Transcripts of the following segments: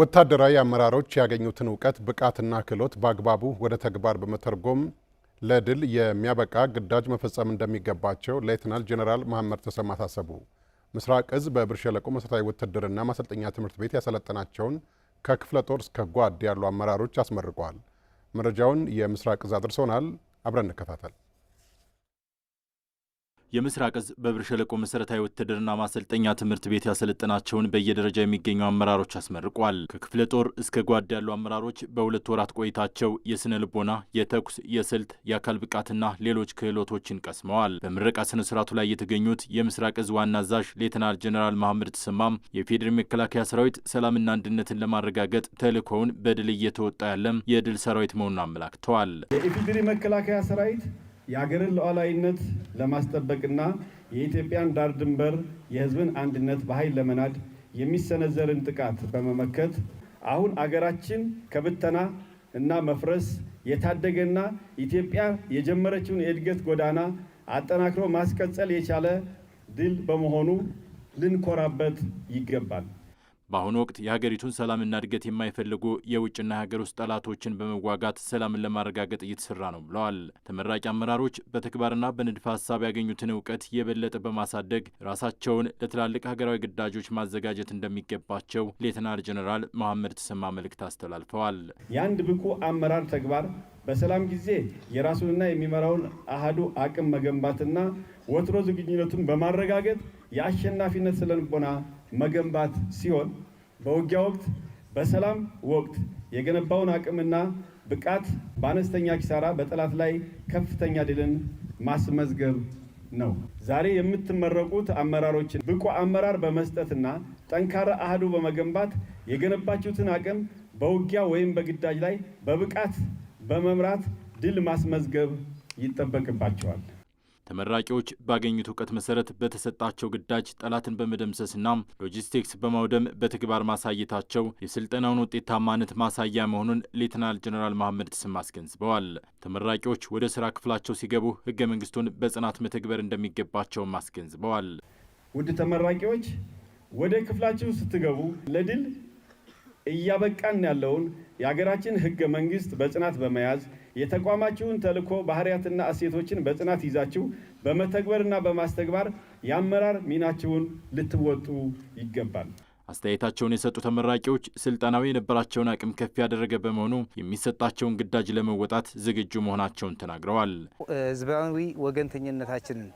ወታደራዊ አመራሮች ያገኙትን እውቀት ብቃትና ክህሎት በአግባቡ ወደ ተግባር በመተርጎም ለድል የሚያበቃ ግዳጅ መፈጸም እንደሚገባቸው ሌትናል ጄኔራል መሐመድ ተሰማ ታሰቡ። ምስራቅ እዝ በብር ሸለቆ መሠረታዊ ውትድርና ማሰልጠኛ ትምህርት ቤት ያሰለጠናቸውን ከክፍለ ጦር እስከ ጓድ ያሉ አመራሮች አስመርቋል። መረጃውን የምስራቅ እዝ አድርሶናል። አብረን እንከታተል። የምስራቅ እዝ በብር ሸለቆ መሰረታዊ ውትድርና ማሰልጠኛ ትምህርት ቤት ያሰለጠናቸውን በየደረጃ የሚገኙ አመራሮች አስመርቋል። ከክፍለ ጦር እስከ ጓድ ያሉ አመራሮች በሁለት ወራት ቆይታቸው የስነ ልቦና፣ የተኩስ፣ የስልት፣ የአካል ብቃትና ሌሎች ክህሎቶችን ቀስመዋል። በምረቃ ስነ ስርዓቱ ላይ የተገኙት የምስራቅ እዝ ዋና አዛዥ ሌተናል ጀኔራል መሐመድ ተሰማም የፌዴራል መከላከያ ሰራዊት ሰላምና አንድነትን ለማረጋገጥ ተልእኮውን በድል እየተወጣ ያለም የድል ሰራዊት መሆኑን አመላክተዋል። የኢፌዴሪ መከላከያ ሰራዊት የአገርን ሉዓላዊነት ለማስጠበቅና የኢትዮጵያን ዳር ድንበር የሕዝብን አንድነት በኃይል ለመናድ የሚሰነዘርን ጥቃት በመመከት አሁን አገራችን ከብተና እና መፍረስ የታደገና ኢትዮጵያ የጀመረችውን የእድገት ጎዳና አጠናክሮ ማስቀጠል የቻለ ድል በመሆኑ ልንኮራበት ይገባል። በአሁኑ ወቅት የሀገሪቱን ሰላምና እድገት የማይፈልጉ የውጭና የሀገር ውስጥ ጠላቶችን በመዋጋት ሰላምን ለማረጋገጥ እየተሰራ ነው ብለዋል። ተመራቂ አመራሮች በተግባርና በንድፈ ሀሳብ ያገኙትን እውቀት የበለጠ በማሳደግ ራሳቸውን ለትላልቅ ሀገራዊ ግዳጆች ማዘጋጀት እንደሚገባቸው ሌተናል ጀኔራል መሐመድ ተሰማ መልእክት አስተላልፈዋል። የአንድ ብቁ አመራር ተግባር በሰላም ጊዜ የራሱንና የሚመራውን አህዱ አቅም መገንባትና ወትሮ ዝግጁነቱን በማረጋገጥ የአሸናፊነት ስነልቦና መገንባት ሲሆን በውጊያ ወቅት በሰላም ወቅት የገነባውን አቅምና ብቃት በአነስተኛ ኪሳራ በጠላት ላይ ከፍተኛ ድልን ማስመዝገብ ነው። ዛሬ የምትመረቁት አመራሮችን ብቁ አመራር በመስጠትና ጠንካራ አህዱ በመገንባት የገነባችሁትን አቅም በውጊያ ወይም በግዳጅ ላይ በብቃት በመምራት ድል ማስመዝገብ ይጠበቅባቸዋል። ተመራቂዎች ባገኙት እውቀት መሰረት በተሰጣቸው ግዳጅ ጠላትን በመደምሰስና ሎጂስቲክስ በማውደም በተግባር ማሳየታቸው የስልጠናውን ውጤታማነት ማሳያ መሆኑን ሌትናል ጀነራል መሐመድ ስም አስገንዝበዋል። ተመራቂዎች ወደ ስራ ክፍላቸው ሲገቡ ህገ መንግስቱን በጽናት መተግበር እንደሚገባቸውም አስገንዝበዋል። ውድ ተመራቂዎች ወደ ክፍላችሁ ስትገቡ ለድል እያበቃን ያለውን የሀገራችን ህገ መንግስት በጽናት በመያዝ የተቋማችሁን ተልዕኮ ባህሪያትና እሴቶችን በጽናት ይዛችሁ በመተግበርና በማስተግባር የአመራር ሚናችሁን ልትወጡ ይገባል። አስተያየታቸውን የሰጡ ተመራቂዎች ስልጠናው የነበራቸውን አቅም ከፍ ያደረገ በመሆኑ የሚሰጣቸውን ግዳጅ ለመወጣት ዝግጁ መሆናቸውን ተናግረዋል። ህዝባዊ ወገንተኝነታችንን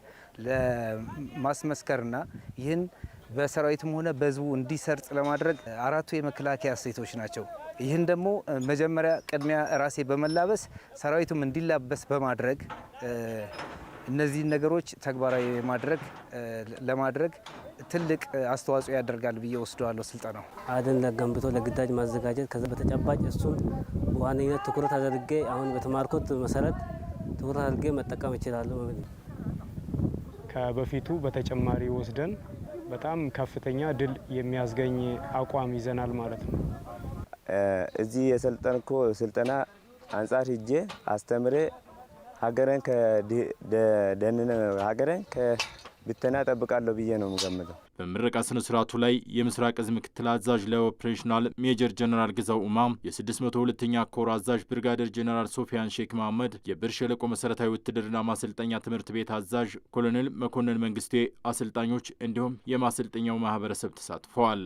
ለማስመስከርና ይህን በሰራዊትም ሆነ በህዝቡ እንዲሰርጽ ለማድረግ አራቱ የመከላከያ እሴቶች ናቸው። ይህን ደግሞ መጀመሪያ ቅድሚያ ራሴ በመላበስ ሰራዊቱም እንዲላበስ በማድረግ እነዚህን ነገሮች ተግባራዊ ማድረግ ለማድረግ ትልቅ አስተዋጽኦ ያደርጋል ብዬ ወስደዋለሁ። ስልጠናው አደን ለገንብቶ ለግዳጅ ማዘጋጀት ከዚ በተጨባጭ እሱን በዋነኝነት ትኩረት አድርጌ አሁን በተማርኩት መሰረት ትኩረት አድርጌ መጠቀም ይችላሉ። ከበፊቱ በተጨማሪ ወስደን በጣም ከፍተኛ ድል የሚያስገኝ አቋም ይዘናል ማለት ነው። እዚህ የሰልጠንኮ ስልጠና አንጻር ሂጄ አስተምሬ ሀገረን ከደህንነት ሀገረን ብተና ጠብቃለሁ ብዬ ነው የምገምተው። በምረቃ ስነ ስርዓቱ ላይ የምስራቅ እዝ ምክትል አዛዥ ለኦፕሬሽናል ሜጀር ጀነራል ግዛው ኡማ፣ የ602ኛ ኮር አዛዥ ብርጋደር ጀነራል ሶፊያን ሼክ መሐመድ፣ የብር ሸለቆ መሰረታዊ ውትድርና ማሰልጠኛ ትምህርት ቤት አዛዥ ኮሎኔል መኮንን መንግስቴ፣ አሰልጣኞች እንዲሁም የማሰልጠኛው ማህበረሰብ ተሳትፈዋል።